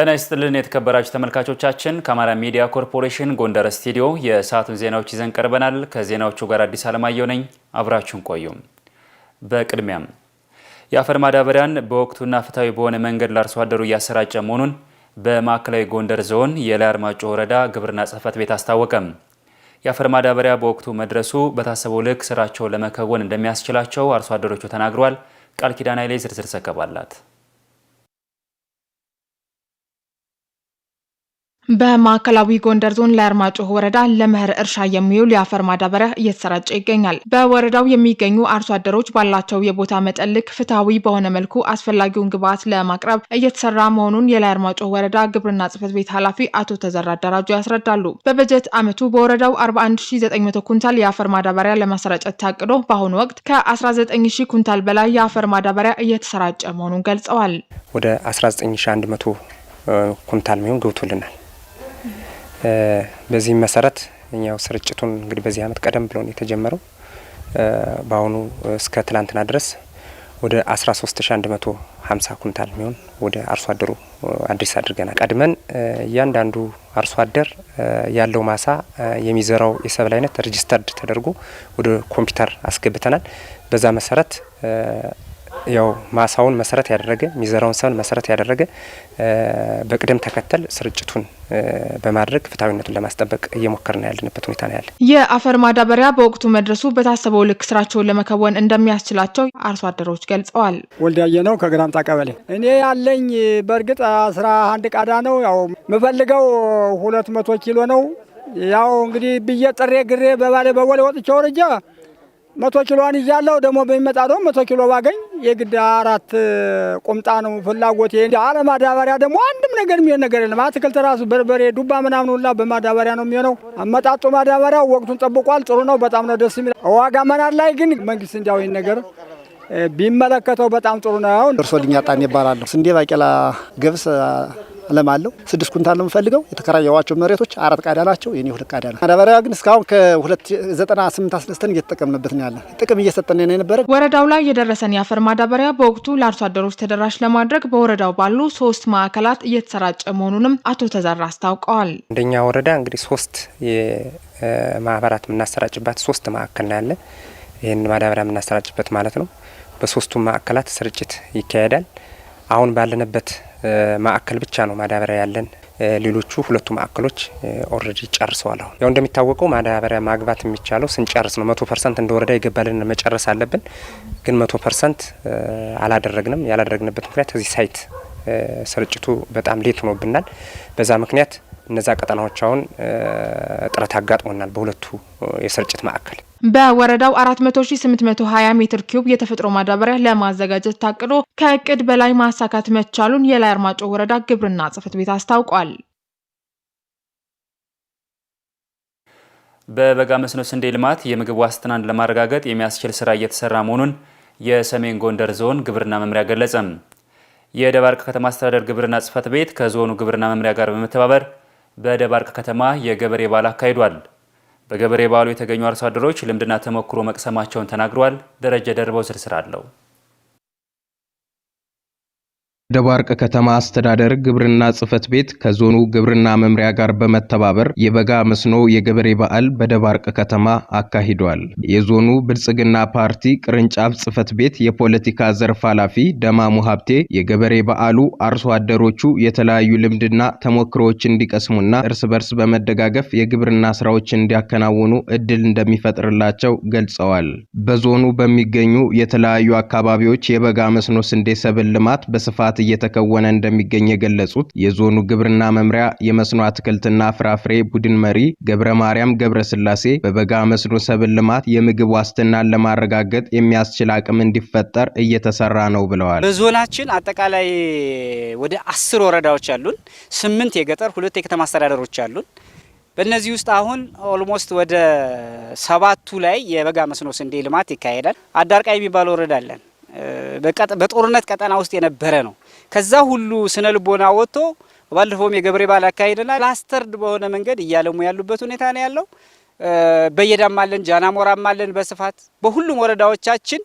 ጤና ይስጥልን የተከበራችሁ ተመልካቾቻችን፣ ከአማራ ሚዲያ ኮርፖሬሽን ጎንደር ስቱዲዮ የሰዓቱን ዜናዎች ይዘን ቀርበናል። ከዜናዎቹ ጋር አዲስ አለማየሁ ነኝ፣ አብራችሁን ቆዩ። በቅድሚያም የአፈር ማዳበሪያን በወቅቱና ፍትሐዊ በሆነ መንገድ ለአርሶ አደሩ እያሰራጨ መሆኑን በማዕከላዊ ጎንደር ዞን የላይ አርማጮ ወረዳ ግብርና ጽሕፈት ቤት አስታወቀም። የአፈር ማዳበሪያ በወቅቱ መድረሱ በታሰበው ልክ ስራቸው ለመከወን እንደሚያስችላቸው አርሶ አደሮቹ ተናግረዋል። ቃል ኪዳን ኃይሌ ዝርዝር ዘገባ አላት። በማዕከላዊ ጎንደር ዞን ለአርማጭሆ ወረዳ ለመኸር እርሻ የሚውል የአፈር ማዳበሪያ እየተሰራጨ ይገኛል። በወረዳው የሚገኙ አርሶ አደሮች ባላቸው የቦታ መጠን ልክ ፍትሐዊ በሆነ መልኩ አስፈላጊውን ግብዓት ለማቅረብ እየተሰራ መሆኑን የለአርማጭሆ ወረዳ ግብርና ጽሕፈት ቤት ኃላፊ አቶ ተዘራ አደራጆ ያስረዳሉ። በበጀት ዓመቱ በወረዳው 41900 ኩንታል የአፈር ማዳበሪያ ለማሰራጨት ታቅዶ በአሁኑ ወቅት ከ19000 ኩንታል በላይ የአፈር ማዳበሪያ እየተሰራጨ መሆኑን ገልጸዋል። ወደ 19100 ኩንታል ሚሆን ገብቶልናል በዚህም መሰረት እኛው ስርጭቱን እንግዲህ በዚህ አመት ቀደም ብሎ የተጀመረው። በአሁኑ እስከ ትላንትና ድረስ ወደ 13150 ኩንታል የሚሆን ወደ አርሶ አደሩ አዲስ አድርገናል። ቀድመን እያንዳንዱ አርሶ አደር ያለው ማሳ የሚዘራው የሰብል አይነት ሬጅስተርድ ተደርጎ ወደ ኮምፒውተር አስገብተናል። በዛ መሰረት ያው ማሳውን መሰረት ያደረገ የሚዘራውን ሰብን መሰረት ያደረገ በቅደም ተከተል ስርጭቱን በማድረግ ፍትሐዊነቱን ለማስጠበቅ እየሞከርን ያለንበት ሁኔታ ነው ያለ። የአፈር ማዳበሪያ በወቅቱ መድረሱ በታሰበው ልክ ስራቸውን ለመከወን እንደሚያስችላቸው አርሶ አደሮች ገልጸዋል። ወልዳየ ነው ከግራምጣ ቀበሌ። እኔ ያለኝ በእርግጥ አስራ አንድ ቃዳ ነው። ያው የምፈልገው ሁለት መቶ ኪሎ ነው። ያው እንግዲህ ብዬ ጥሬ ግሬ በባለ በወሌ ወጥቼ ወርጃ መቶ ኪሎዋን ይዣለሁ። ደግሞ በሚመጣ ደግሞ መቶ ኪሎ ባገኝ የግድ አራት ቁምጣ ነው ፍላጎት። አለማዳበሪያ ደግሞ አንድም ነገር የሚሆን ነገር የለም። አትክልት ራሱ በርበሬ፣ ዱባ ምናምን ሁላ በማዳበሪያ ነው የሚሆነው። አመጣጡ ማዳበሪያ ወቅቱን ጠብቋል። ጥሩ ነው። በጣም ነው ደስ የሚል። ዋጋ መናር ላይ ግን መንግስት እንዲያው ይህን ነገር ቢመለከተው በጣም ጥሩ ነው። ደርሶ ድኛ ጣን ይባላለሁ። ስንዴ፣ ባቄላ፣ ገብስ ለም አለው። ስድስት ኩንታል ነው የምፈልገው። የተከራየዋቸው መሬቶች አራት ቃዳ ናቸው፣ የኔ ሁለት ቃዳ ነው። ማዳበሪያ ግን እስካሁን ከ2098 አስነስተን እየተጠቀምንበት ነው ያለ ጥቅም እየሰጠን ነው የነበረ። ወረዳው ላይ የደረሰን የአፈር ማዳበሪያ በወቅቱ ለአርሶ አደሮች ተደራሽ ለማድረግ በወረዳው ባሉ ሶስት ማዕከላት እየተሰራጨ መሆኑንም አቶ ተዘራ አስታውቀዋል። እንደኛ ወረዳ እንግዲህ ሶስት የማህበራት የምናሰራጭባት ሶስት ማዕከል ነው ያለ ይህን ማዳበሪያ የምናሰራጭበት ማለት ነው። በሶስቱም ማዕከላት ስርጭት ይካሄዳል። አሁን ባለንበት ማዕከል ብቻ ነው ማዳበሪያ ያለን። ሌሎቹ ሁለቱ ማዕከሎች ኦልሬዲ ጨርሰዋል። አሁን ያው እንደሚታወቀው ማዳበሪያ ማግባት የሚቻለው ስንጨርስ ነው። መቶ ፐርሰንት እንደ ወረዳ የገባልን መጨረስ አለብን። ግን መቶ ፐርሰንት አላደረግንም። ያላደረግንበት ምክንያት እዚህ ሳይት ስርጭቱ በጣም ሌት ሆኖብናል። በዛ ምክንያት እነዛ ቀጠናዎች አሁን እጥረት አጋጥሞናል በሁለቱ የስርጭት ማዕከል። በወረዳው 4820 ሜትር ኪዩብ የተፈጥሮ ማዳበሪያ ለማዘጋጀት ታቅዶ ከእቅድ በላይ ማሳካት መቻሉን የላይ አርማጮ ወረዳ ግብርና ጽሕፈት ቤት አስታውቋል። በበጋ መስኖ ስንዴ ልማት የምግብ ዋስትናን ለማረጋገጥ የሚያስችል ስራ እየተሰራ መሆኑን የሰሜን ጎንደር ዞን ግብርና መምሪያ ገለጸም። የደባርቅ ከተማ አስተዳደር ግብርና ጽሕፈት ቤት ከዞኑ ግብርና መምሪያ ጋር በመተባበር በደባርቅ ከተማ የገበሬ በዓል አካሂዷል። በገበሬ በዓሉ የተገኙ አርሶ አደሮች ልምድና ተሞክሮ መቅሰማቸውን ተናግረዋል። ደረጀ ደርበው ዝርዝር አለው። ደባርቅ ከተማ አስተዳደር ግብርና ጽህፈት ቤት ከዞኑ ግብርና መምሪያ ጋር በመተባበር የበጋ መስኖ የገበሬ በዓል በደባርቅ ከተማ አካሂዷል። የዞኑ ብልጽግና ፓርቲ ቅርንጫፍ ጽሕፈት ቤት የፖለቲካ ዘርፍ ኃላፊ ደማሙ ሀብቴ የገበሬ በዓሉ አርሶ አደሮቹ የተለያዩ ልምድና ተሞክሮዎች እንዲቀስሙና እርስ በርስ በመደጋገፍ የግብርና ስራዎች እንዲያከናውኑ እድል እንደሚፈጥርላቸው ገልጸዋል። በዞኑ በሚገኙ የተለያዩ አካባቢዎች የበጋ መስኖ ስንዴ ሰብል ልማት በስፋት ጥናት እየተከወነ እንደሚገኝ የገለጹት የዞኑ ግብርና መምሪያ የመስኖ አትክልትና ፍራፍሬ ቡድን መሪ ገብረ ማርያም ገብረ ስላሴ በበጋ መስኖ ሰብል ልማት የምግብ ዋስትናን ለማረጋገጥ የሚያስችል አቅም እንዲፈጠር እየተሰራ ነው ብለዋል። በዞናችን አጠቃላይ ወደ አስር ወረዳዎች አሉን። ስምንት የገጠር ሁለት የከተማ አስተዳደሮች አሉን። በእነዚህ ውስጥ አሁን ኦልሞስት ወደ ሰባቱ ላይ የበጋ መስኖ ስንዴ ልማት ይካሄዳል። አዳርቃይ የሚባለ ወረዳ አለን። በጦርነት ቀጠና ውስጥ የነበረ ነው። ከዛ ሁሉ ስነ ልቦና ወጥቶ ባለፈውም የገብሬ ባህል አካሄድና ላስተርድ በሆነ መንገድ እያለሙ ያሉበት ሁኔታ ነው ያለው። በየዳም አለን፣ ጃናሞራም አለን። በስፋት በሁሉም ወረዳዎቻችን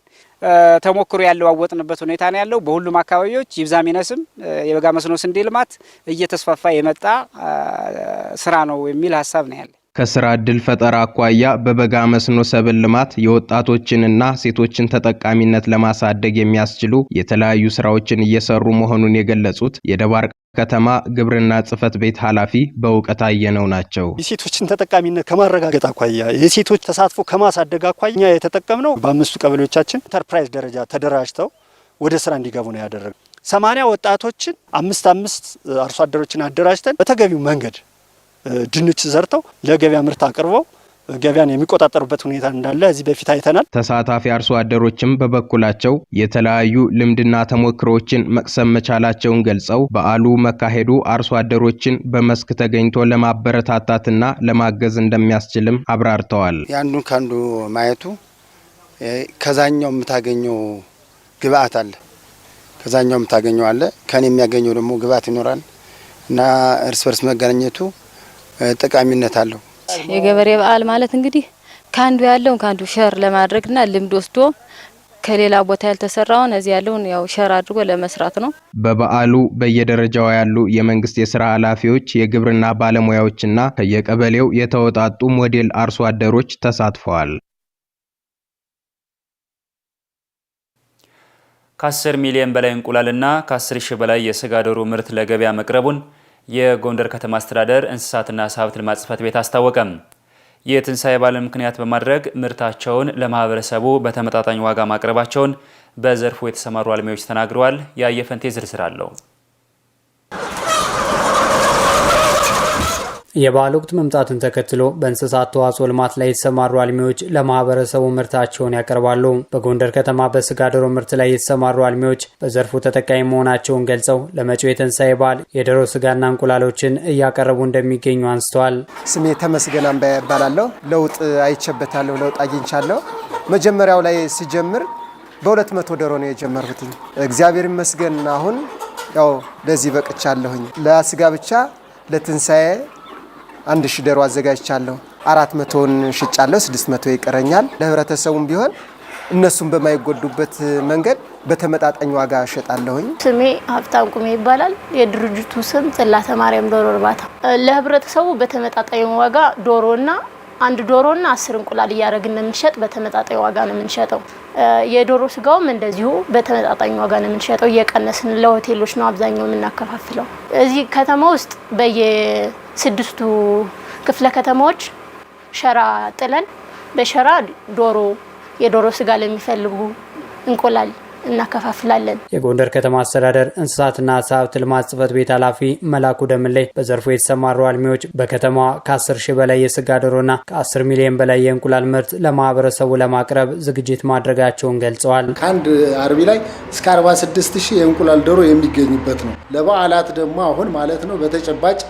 ተሞክሮ ያለዋወጥንበት ሁኔታ ነው ያለው። በሁሉም አካባቢዎች ይብዛም ይነስም የበጋ መስኖ ስንዴ ልማት እየተስፋፋ የመጣ ስራ ነው የሚል ሀሳብ ነው ያለ ከስራ ዕድል ፈጠራ አኳያ በበጋ መስኖ ሰብል ልማት የወጣቶችንና ሴቶችን ተጠቃሚነት ለማሳደግ የሚያስችሉ የተለያዩ ስራዎችን እየሰሩ መሆኑን የገለጹት የደባርቅ ከተማ ግብርና ጽህፈት ቤት ኃላፊ በእውቀት አየነው ናቸው። የሴቶችን ተጠቃሚነት ከማረጋገጥ አኳያ የሴቶች ተሳትፎ ከማሳደግ አኳያ የተጠቀምነው በአምስቱ ቀበሌዎቻችን ኢንተርፕራይዝ ደረጃ ተደራጅተው ወደ ስራ እንዲገቡ ነው ያደረገ ሰማንያ ወጣቶችን አምስት አምስት አርሶ አደሮችን አደራጅተን በተገቢው መንገድ ድንች ዘርተው ለገበያ ምርት አቅርበው ገበያን የሚቆጣጠሩበት ሁኔታ እንዳለ እዚህ በፊት አይተናል። ተሳታፊ አርሶ አደሮችም በበኩላቸው የተለያዩ ልምድና ተሞክሮዎችን መቅሰም መቻላቸውን ገልጸው በዓሉ መካሄዱ አርሶ አደሮችን በመስክ ተገኝቶ ለማበረታታትና ለማገዝ እንደሚያስችልም አብራርተዋል። ያንዱ ከአንዱ ማየቱ ከዛኛው የምታገኘው ግብአት አለ፣ ከዛኛው የምታገኘው አለ፣ ከኔ የሚያገኘው ደግሞ ግብአት ይኖራል እና እርስ በርስ መገናኘቱ ጠቃሚነት አለው። የገበሬ በዓል ማለት እንግዲህ ከአንዱ ያለውን ከአንዱ ሸር ለማድረግና ልምድ ወስዶ ከሌላ ቦታ ያልተሰራውን እዚህ ያለውን ያው ሸር አድርጎ ለመስራት ነው። በበዓሉ በየደረጃው ያሉ የመንግስት የስራ ኃላፊዎች፣ የግብርና ባለሙያዎችና ከየቀበሌው የተወጣጡ ሞዴል አርሶ አደሮች ተሳትፈዋል። ከ10 ሚሊዮን በላይ እንቁላልና ከ10 ሺህ በላይ የስጋ ዶሮ ምርት ለገበያ መቅረቡን የጎንደር ከተማ አስተዳደር እንስሳትና ዓሳ ሀብት ልማት ጽሕፈት ቤት አስታወቀም። የትንሣኤ በዓልን ምክንያት በማድረግ ምርታቸውን ለማህበረሰቡ በተመጣጣኝ ዋጋ ማቅረባቸውን በዘርፉ የተሰማሩ አልሚዎች ተናግረዋል። የአየፈንቴ ዝርዝር አለው። የበዓል ወቅት መምጣቱን ተከትሎ በእንስሳት ተዋጽኦ ልማት ላይ የተሰማሩ አልሚዎች ለማህበረሰቡ ምርታቸውን ያቀርባሉ። በጎንደር ከተማ በስጋ ዶሮ ምርት ላይ የተሰማሩ አልሚዎች በዘርፉ ተጠቃሚ መሆናቸውን ገልጸው ለመጪው የትንሳኤ በዓል የዶሮ ስጋና እንቁላሎችን እያቀረቡ እንደሚገኙ አንስተዋል። ስሜ ተመስገን አምባ ይባላለሁ። ለውጥ አይቼበታለሁ፣ ለውጥ አግኝቻለሁ። መጀመሪያው ላይ ሲጀምር በሁለት መቶ ዶሮ ነው የጀመርኩት። እግዚአብሔር ይመስገን አሁን ያው ለዚህ በቅቻለሁኝ። ለስጋ ብቻ ለትንሳኤ አንድ ሺ ደሮ አዘጋጅቻለሁ። አራት መቶውን ሽጫለሁ። ስድስት መቶ ይቀረኛል። ለህብረተሰቡም ቢሆን እነሱም በማይጎዱበት መንገድ በተመጣጣኝ ዋጋ እሸጣለሁኝ። ስሜ ሀብታም ቁሜ ይባላል። የድርጅቱ ስም ጽላተ ማርያም ዶሮ እርባታ። ለህብረተሰቡ በተመጣጣኝ ዋጋ ዶሮና አንድ ዶሮና አስር እንቁላል እያደረግን የምንሸጥ በተመጣጣኝ ዋጋ ነው የምንሸጠው። የዶሮ ስጋውም እንደዚሁ በተመጣጣኝ ዋጋ ነው የምንሸጠው። እየቀነስን ለሆቴሎች ነው አብዛኛው የምናከፋፍለው። እዚህ ከተማ ውስጥ በየስድስቱ ክፍለ ከተማዎች ሸራ ጥለን በሸራ ዶሮ፣ የዶሮ ስጋ ለሚፈልጉ እንቁላል እናከፋፍላለን። የጎንደር ከተማ አስተዳደር እንስሳትና ዓሳ ሀብት ልማት ጽህፈት ቤት ኃላፊ መላኩ ደምሌ በዘርፉ የተሰማሩ አልሚዎች በከተማዋ ከ10 ሺህ በላይ የስጋ ዶሮና ከ10 ሚሊዮን በላይ የእንቁላል ምርት ለማህበረሰቡ ለማቅረብ ዝግጅት ማድረጋቸውን ገልጸዋል። ከአንድ አርቢ ላይ እስከ 46 ሺህ የእንቁላል ዶሮ የሚገኝበት ነው። ለበዓላት ደግሞ አሁን ማለት ነው በተጨባጭ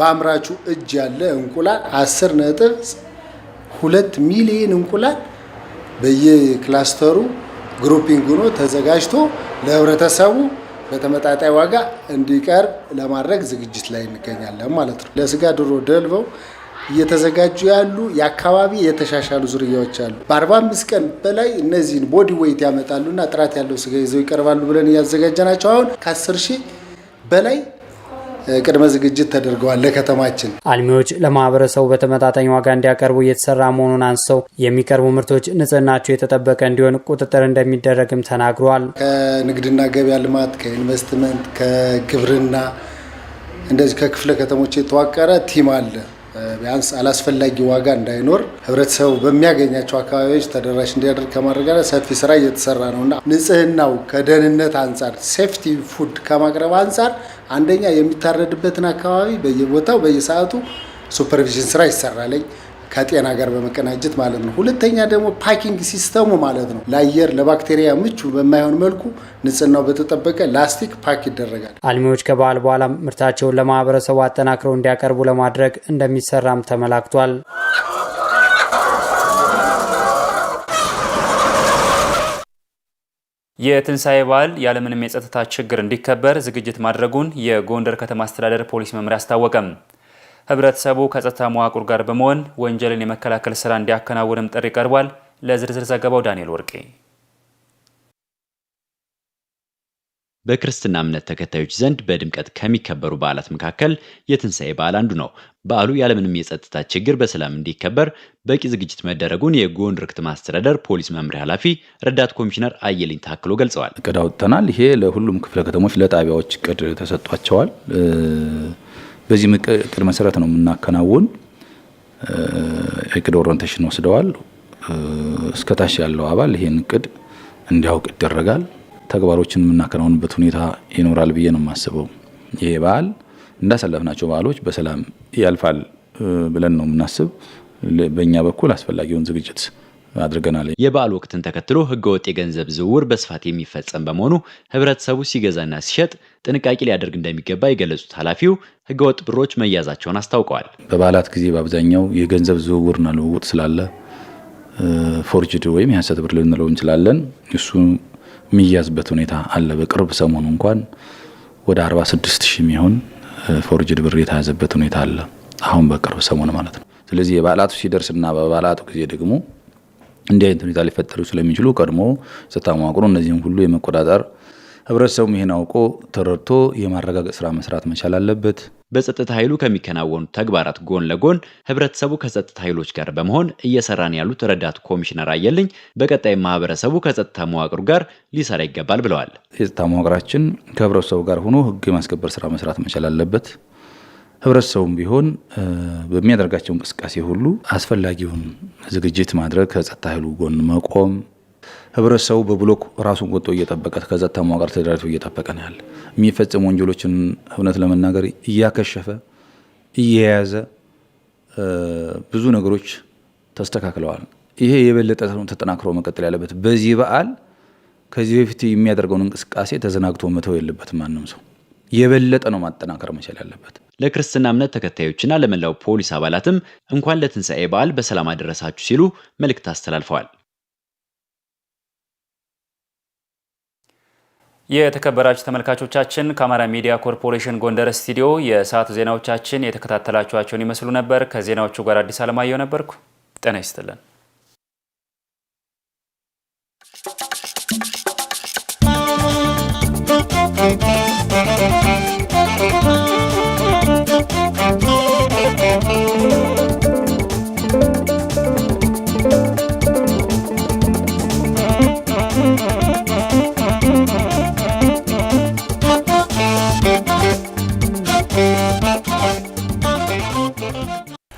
በአምራቹ እጅ ያለ እንቁላል 10 ነጥብ ሁለት ሚሊዮን እንቁላል በየክላስተሩ ግሩፒንግ ሆኖ ተዘጋጅቶ ለህብረተሰቡ በተመጣጣኝ ዋጋ እንዲቀርብ ለማድረግ ዝግጅት ላይ እንገኛለን ማለት ነው። ለስጋ ዶሮ ደልበው እየተዘጋጁ ያሉ የአካባቢ የተሻሻሉ ዝርያዎች አሉ። በ45 ቀን በላይ እነዚህን ቦዲ ወይት ያመጣሉና ጥራት ያለው ስጋ ይዘው ይቀርባሉ ብለን እያዘጋጀ ናቸው አሁን ከ10 ሺህ በላይ ቅድመ ዝግጅት ተደርገዋል። ለከተማችን አልሚዎች ለማህበረሰቡ በተመጣጣኝ ዋጋ እንዲያቀርቡ እየተሰራ መሆኑን አንስተው የሚቀርቡ ምርቶች ንጽህናቸው የተጠበቀ እንዲሆን ቁጥጥር እንደሚደረግም ተናግረዋል። ከንግድና ገበያ ልማት፣ ከኢንቨስትመንት፣ ከግብርና እንደዚህ ከክፍለ ከተሞች የተዋቀረ ቲም አለ። ቢያንስ አላስፈላጊ ዋጋ እንዳይኖር ህብረተሰቡ በሚያገኛቸው አካባቢዎች ተደራሽ እንዲያደርግ ከማድረግ ጋር ሰፊ ስራ እየተሰራ ነው እና ንጽህናው ከደህንነት አንጻር ሴፍቲ ፉድ ከማቅረብ አንጻር አንደኛ የሚታረድበትን አካባቢ በየቦታው በየሰዓቱ ሱፐርቪዥን ስራ ይሰራለኝ። ከጤና ጋር በመቀናጀት ማለት ነው። ሁለተኛ ደግሞ ፓኪንግ ሲስተሙ ማለት ነው ለአየር ለባክቴሪያ ምቹ በማይሆን መልኩ ንጽህናው በተጠበቀ ላስቲክ ፓክ ይደረጋል። አልሚዎች ከበዓል በኋላ ምርታቸውን ለማህበረሰቡ አጠናክረው እንዲያቀርቡ ለማድረግ እንደሚሰራም ተመላክቷል። የትንሣኤ በዓል ያለምንም የጸጥታ ችግር እንዲከበር ዝግጅት ማድረጉን የጎንደር ከተማ አስተዳደር ፖሊስ መምሪያ አስታወቀም። ህብረተሰቡ ከጸጥታ መዋቅር ጋር በመሆን ወንጀልን የመከላከል ስራ እንዲያከናውንም ጥሪ ቀርቧል። ለዝርዝር ዘገባው ዳንኤል ወርቄ። በክርስትና እምነት ተከታዮች ዘንድ በድምቀት ከሚከበሩ በዓላት መካከል የትንሣኤ በዓል አንዱ ነው። በዓሉ ያለምንም የጸጥታ ችግር በሰላም እንዲከበር በቂ ዝግጅት መደረጉን የጎንደር ከተማ አስተዳደር ፖሊስ መምሪያ ኃላፊ ረዳት ኮሚሽነር አየልኝ ታክሎ ገልጸዋል። እቅድ አውጥተናል። ይሄ ለሁሉም ክፍለ ከተሞች ለጣቢያዎች እቅድ ተሰጥቷቸዋል። በዚህ እቅድ መሰረት ነው የምናከናውን። እቅድ ኦሪንቴሽን ወስደዋል። እስከታች ያለው አባል ይሄን እቅድ እንዲያውቅ ይደረጋል። ተግባሮችን የምናከናውንበት ሁኔታ ይኖራል ብዬ ነው የማስበው። ይሄ በዓል እንዳሳለፍናቸው በዓሎች በሰላም ያልፋል ብለን ነው የምናስብ። በእኛ በኩል አስፈላጊውን ዝግጅት አድርገናል። የበዓል ወቅትን ተከትሎ ህገወጥ የገንዘብ ዝውውር በስፋት የሚፈጸም በመሆኑ ህብረተሰቡ ሲገዛና ሲሸጥ ጥንቃቄ ሊያደርግ እንደሚገባ የገለጹት ኃላፊው ህገወጥ ብሮች መያዛቸውን አስታውቀዋል። በበዓላት ጊዜ በአብዛኛው የገንዘብ ዝውውርና ልውውጥ ስላለ ፎርጅድ ወይም የሀሰት ብር ልንለው እንችላለን። እሱ የሚያዝበት ሁኔታ አለ። በቅርብ ሰሞኑ እንኳን ወደ 46 ሺህ የሚሆን ፎርጅድ ብር የተያዘበት ሁኔታ አለ። አሁን በቅርብ ሰሞን ማለት ነው። ስለዚህ የበዓላቱ ሲደርስና በበዓላቱ ጊዜ ደግሞ እንዲህ አይነት ሁኔታ ሊፈጠሩ ስለሚችሉ ቀድሞ ጸጥታ መዋቅሩ እነዚህም ሁሉ የመቆጣጠር ህብረተሰቡም ይህን አውቆ ተረድቶ የማረጋገጥ ስራ መስራት መቻል አለበት። በጸጥታ ኃይሉ ከሚከናወኑ ተግባራት ጎን ለጎን ህብረተሰቡ ከጸጥታ ኃይሎች ጋር በመሆን እየሰራን ያሉት ረዳት ኮሚሽነር አየልኝ በቀጣይ ማህበረሰቡ ከጸጥታ መዋቅሩ ጋር ሊሰራ ይገባል ብለዋል። የጸጥታ መዋቅራችን ከህብረተሰቡ ጋር ሆኖ ህግ የማስከበር ስራ መስራት መቻል አለበት። ህብረተሰቡም ቢሆን በሚያደርጋቸው እንቅስቃሴ ሁሉ አስፈላጊውን ዝግጅት ማድረግ፣ ከጸጥታ ኃይሉ ጎን መቆም ህብረተሰቡ በብሎክ ራሱን ቆጦ እየጠበቀ ከጸጥታ መዋቅር ተደራጅቶ እየጠበቀ ነው ያለ። የሚፈጽሙ ወንጀሎችን እውነት ለመናገር እያከሸፈ እየያዘ ብዙ ነገሮች ተስተካክለዋል። ይሄ የበለጠ ተጠናክሮ መቀጠል ያለበት በዚህ በዓል ከዚህ በፊት የሚያደርገውን እንቅስቃሴ ተዘናግቶ መተው የለበትም ማንም ሰው። የበለጠ ነው ማጠናከር መቻል ያለበት። ለክርስትና እምነት ተከታዮችና ለመላው ፖሊስ አባላትም እንኳን ለትንሣኤ በዓል በሰላም አደረሳችሁ ሲሉ መልእክት አስተላልፈዋል። የተከበራችሁ ተመልካቾቻችን ከአማራ ሚዲያ ኮርፖሬሽን ጎንደር ስቱዲዮ የሰዓቱ ዜናዎቻችን የተከታተላችኋቸውን ይመስሉ ነበር። ከዜናዎቹ ጋር አዲስ አለማየሁ ነበርኩ። ጤና ይስጥልን።